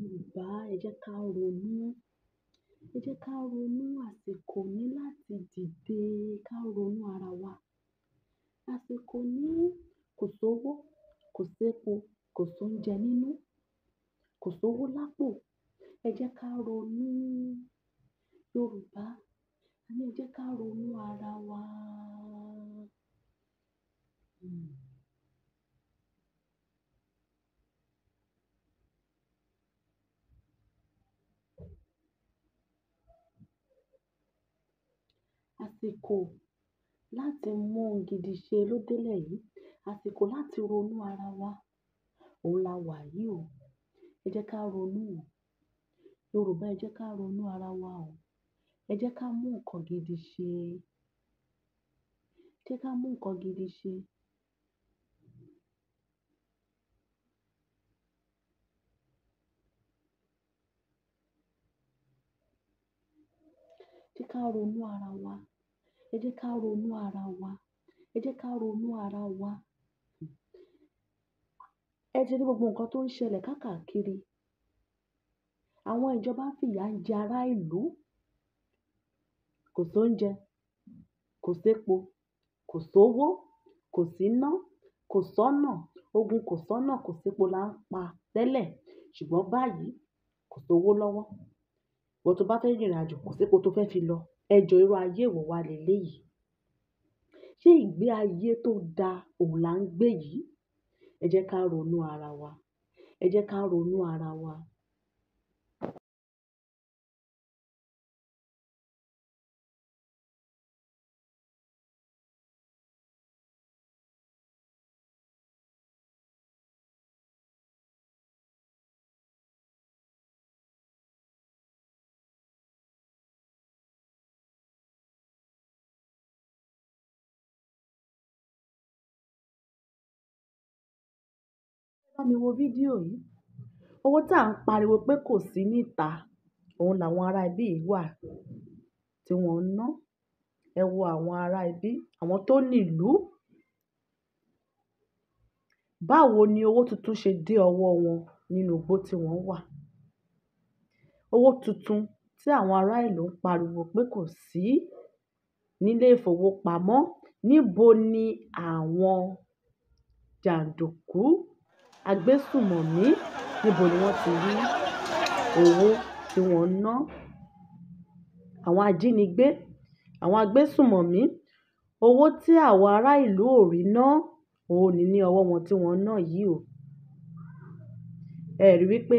Yorùbá ẹ jẹ́ ká ronú. Ẹ jẹ́ ká ronú àsìkò ní láti dìde ká ronú ara wa. Àsìkò ní kò sowó, kò sépo, kò soúnjẹ nínú, kò sowó lápò. Ẹ jẹ́ ká ronú Yorùbá. A ẹ jẹ́ ká ronú ara wa. Hmm. àsìkò láti mú ohun gidi ṣe ló délẹ̀ yìí, àsìkò láti ronú ara wa. Òun la wà yìí o. Ẹ jẹ́ ká ronú o. Yorùbá ẹ jẹ́ ká ronú ara wa o. Ẹ jẹ́ ká mú nǹkan gidi ṣe. Ẹ jẹ́ ká mú nǹkan gidi ṣe. Ẹ jẹ́ ká ronú ara wa. Ẹ jẹ́ ká ronú ara wa. Ẹ jẹ́ ká ronú ara wa. Ẹ ti rí gbogbo nǹkan tó ń ṣẹlẹ̀ káàkiri. Àwọn ìjọba ń fìyà jẹ ará ìlú. Kò sí kò sí kò sí kò sí kò sọ́nà. Ogun kò sọ́nà, kò sí epo là ń pa tẹ́lẹ̀. Ṣùgbọ́n báyìí kò sí lọ́wọ́. Ìwọ tó bá fẹ́ rìnrìn àjò kò sí ibo tó fẹ́ fi lọ. Ẹ jọ irú ayé wo wá lé lé Ṣé ìgbé ayé tó da òun là ń gbé yìí? Ẹ jẹ́ ká ronú ara wa. Ẹ jẹ́ ká ronú ara wa. bá mi wo fídíò yìí. Owó tí à ń pariwo pé kò sí níta, òun làwọn ará ibí yìí wà tí wọ́n ń ná. Ẹ wo àwọn ará ibí, àwọn tó ní Báwo ni owó tuntun ṣe dé ọwọ́ wọn nínú igbó tí wọ́n wà? Owó tuntun tí àwọn ará ìlú ń pariwo pé kò sí nílé ìfowópamọ́. Níbo ni àwọn jàǹdùkú agbésùmọ̀mí níbo ni wọ́n ti rí owó tí wọ́n ń ná. Àwọn ajínigbé, àwọn agbésùmọ̀mí, owó tí àwọn ará ìlú ò rí ná, òun ní ní ọwọ́ wọn tí wọ́n ń ná yìí o. Ẹ rí wípé.